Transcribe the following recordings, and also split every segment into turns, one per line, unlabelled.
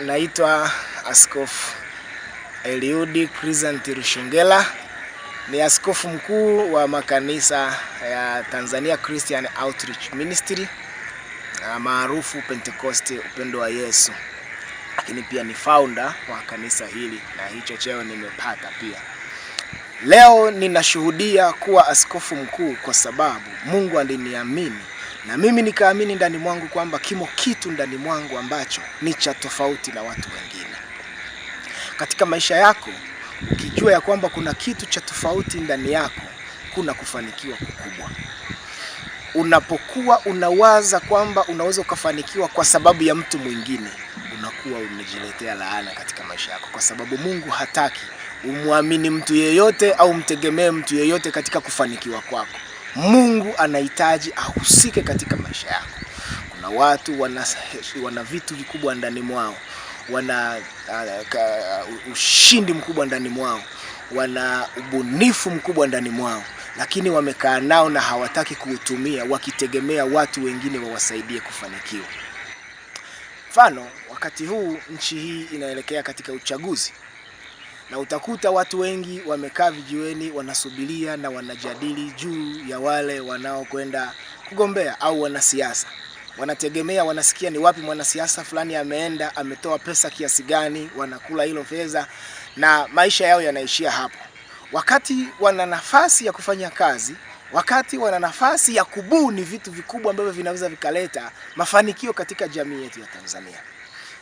Naitwa Askofu Eliudi Crescent Rushungela, ni askofu mkuu wa makanisa ya Tanzania Christian Outreach Ministry ah, maarufu Pentecost Upendo wa Yesu, lakini pia ni founder wa kanisa hili na hicho cheo nimepata pia. Leo ninashuhudia kuwa askofu mkuu kwa sababu Mungu aliniamini na mimi nikaamini ndani mwangu kwamba kimo kitu ndani mwangu ambacho ni cha tofauti na watu wengine. Katika maisha yako ukijua ya kwamba kuna kitu cha tofauti ndani yako, kuna kufanikiwa kukubwa. Unapokuwa unawaza kwamba unaweza ukafanikiwa kwa sababu ya mtu mwingine, unakuwa umejiletea laana katika maisha yako, kwa sababu Mungu hataki umwamini mtu yeyote au mtegemee mtu yeyote katika kufanikiwa kwako. Mungu anahitaji ahusike katika maisha yako. Kuna watu wana, wana vitu vikubwa ndani mwao, wana uh, ka, uh, ushindi mkubwa ndani mwao, wana ubunifu mkubwa ndani mwao, lakini wamekaa nao na hawataki kuutumia, wakitegemea watu wengine wawasaidie kufanikiwa. Mfano, wakati huu nchi hii inaelekea katika uchaguzi na utakuta watu wengi wamekaa vijiweni wanasubiria na wanajadili juu ya wale wanaokwenda kugombea au wanasiasa. Wanategemea, wanasikia ni wapi mwanasiasa fulani ameenda, ametoa pesa kiasi gani, wanakula hilo fedha na maisha yao yanaishia hapo, wakati wana nafasi ya kufanya kazi wakati wana nafasi ya kubuni vitu vikubwa ambavyo vinaweza vikaleta mafanikio katika jamii yetu ya Tanzania.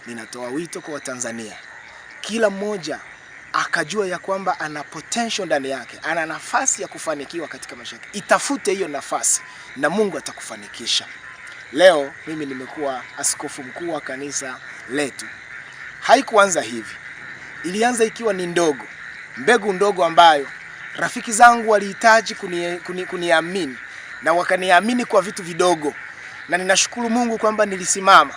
Ninatoa wito kwa Watanzania, kila mmoja akajua ya kwamba ana potential ndani yake, ana nafasi ya kufanikiwa katika maisha yake. Itafute hiyo nafasi na Mungu atakufanikisha. Leo mimi nimekuwa askofu mkuu wa kanisa letu. Haikuanza hivi, ilianza ikiwa ni ndogo, mbegu ndogo ambayo rafiki zangu walihitaji kuniamini kuni, kuni na wakaniamini kwa vitu vidogo, na ninashukuru Mungu kwamba nilisimama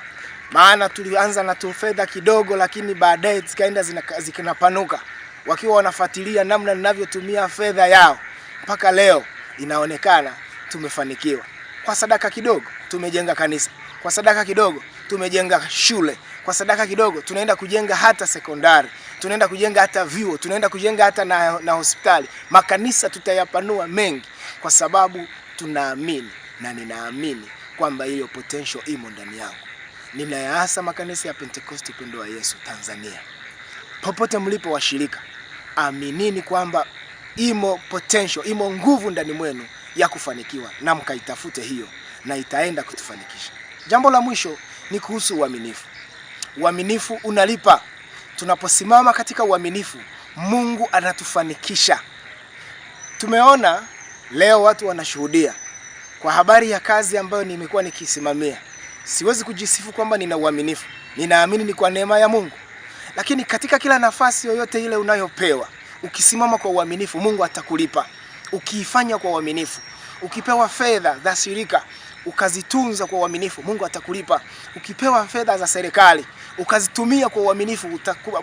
maana tulianza na fedha kidogo, lakini baadaye zikaenda zikinapanuka, wakiwa wanafuatilia namna ninavyotumia fedha yao. Mpaka leo inaonekana tumefanikiwa. Kwa sadaka kidogo tumejenga kanisa, kwa sadaka kidogo tumejenga shule, kwa sadaka kidogo tunaenda kujenga hata sekondari, tunaenda kujenga hata vyuo, tunaenda kujenga hata na, na hospitali. Makanisa tutayapanua mengi, kwa sababu tunaamini na ninaamini kwamba hiyo potential imo ndani yangu. Ninayaasa makanisa ya pentekosti Pendo wa Yesu Tanzania. Popote mlipo washirika, aminini kwamba imo potential, imo nguvu ndani mwenu ya kufanikiwa na mkaitafute hiyo na itaenda kutufanikisha. Jambo la mwisho ni kuhusu uaminifu. Uaminifu unalipa. Tunaposimama katika uaminifu, Mungu anatufanikisha. Tumeona leo watu wanashuhudia kwa habari ya kazi ambayo nimekuwa nikisimamia siwezi kujisifu kwamba nina uaminifu, ninaamini ni kwa neema ya Mungu. Lakini katika kila nafasi yoyote ile unayopewa, ukisimama kwa uaminifu, Mungu atakulipa. Ukiifanya kwa uaminifu, ukipewa fedha za shirika ukazitunza kwa uaminifu, Mungu atakulipa. Ukipewa fedha za serikali ukazitumia kwa uaminifu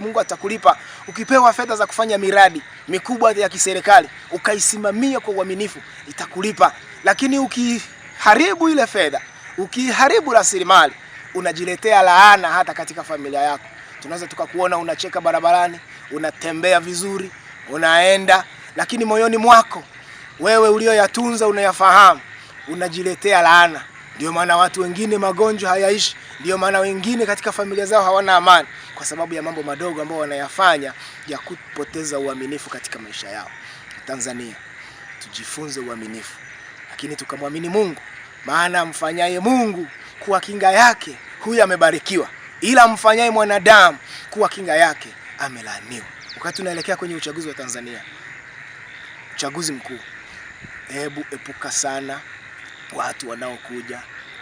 Mungu atakulipa. Ukipewa fedha za kufanya miradi mikubwa ya kiserikali ukaisimamia kwa uaminifu, itakulipa. Lakini ukiharibu ile fedha Ukiharibu rasilimali unajiletea laana hata katika familia yako. Tunaweza tukakuona unacheka barabarani, unatembea vizuri, unaenda, lakini moyoni mwako wewe ulioyatunza unayafahamu, unajiletea laana. Ndio maana watu wengine magonjwa hayaishi, ndio maana wengine katika familia zao hawana amani, kwa sababu ya mambo madogo ambayo wanayafanya ya kupoteza uaminifu katika maisha yao. Tanzania tujifunze uaminifu, lakini tukamwamini Mungu maana mfanyaye Mungu kuwa kinga yake huyu amebarikiwa, ila mfanyaye mwanadamu kuwa kinga yake amelaaniwa. Wakati tunaelekea kwenye uchaguzi wa Tanzania, uchaguzi mkuu, hebu epuka sana watu wanaokuja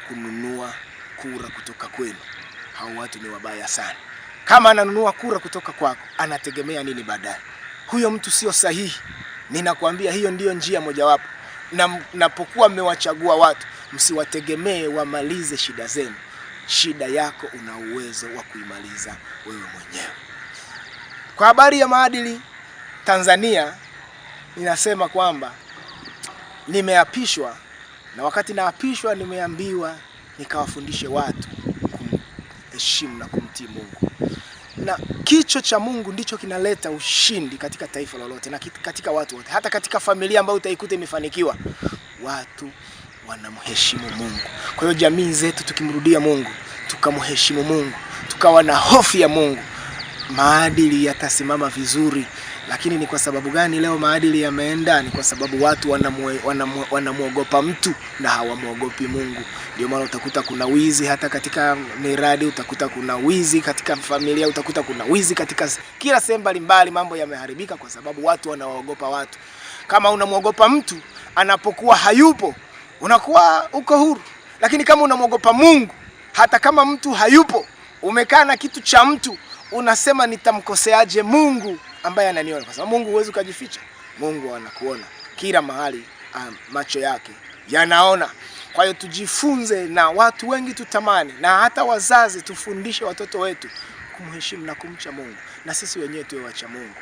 kununua kura kutoka kwenu. Hao watu ni wabaya sana. Kama ananunua kura kutoka kwako, anategemea nini baadaye? Huyo mtu sio sahihi. Ninakwambia hiyo ndiyo njia mojawapo na napokuwa mmewachagua watu msiwategemee wamalize shida zenu. Shida yako una uwezo wa kuimaliza wewe mwenyewe. Kwa habari ya maadili Tanzania, ninasema kwamba nimeapishwa, na wakati naapishwa nimeambiwa nikawafundishe watu kumheshimu na kumtii Mungu, na kicho cha Mungu ndicho kinaleta ushindi katika taifa lolote na katika watu wote, hata katika familia ambayo utaikuta imefanikiwa watu wanamheshimu Mungu. Kwa hiyo jamii zetu tukimrudia Mungu, tukamheshimu Mungu, tukawa na hofu ya Mungu, maadili yatasimama vizuri. Lakini ni kwa sababu gani leo maadili yameenda? Ni kwa sababu watu wanamwogopa mtu na hawamwogopi Mungu. Ndio maana utakuta kuna wizi hata katika miradi, utakuta kuna wizi katika familia, utakuta kuna wizi katika kila sehemu mbalimbali. Mambo yameharibika kwa sababu watu wanawaogopa watu. Kama unamwogopa mtu anapokuwa hayupo unakuwa uko huru. Lakini kama unamwogopa Mungu, hata kama mtu hayupo, umekaa na kitu cha mtu, unasema nitamkoseaje Mungu ambaye ananiona? Kwa sababu Mungu huwezi ukajificha, Mungu anakuona kila mahali, ah, macho yake yanaona. Kwa hiyo tujifunze, na watu wengi tutamani, na hata wazazi tufundishe watoto wetu kumheshimu na kumcha Mungu, na sisi wenyewe tuwe wacha Mungu.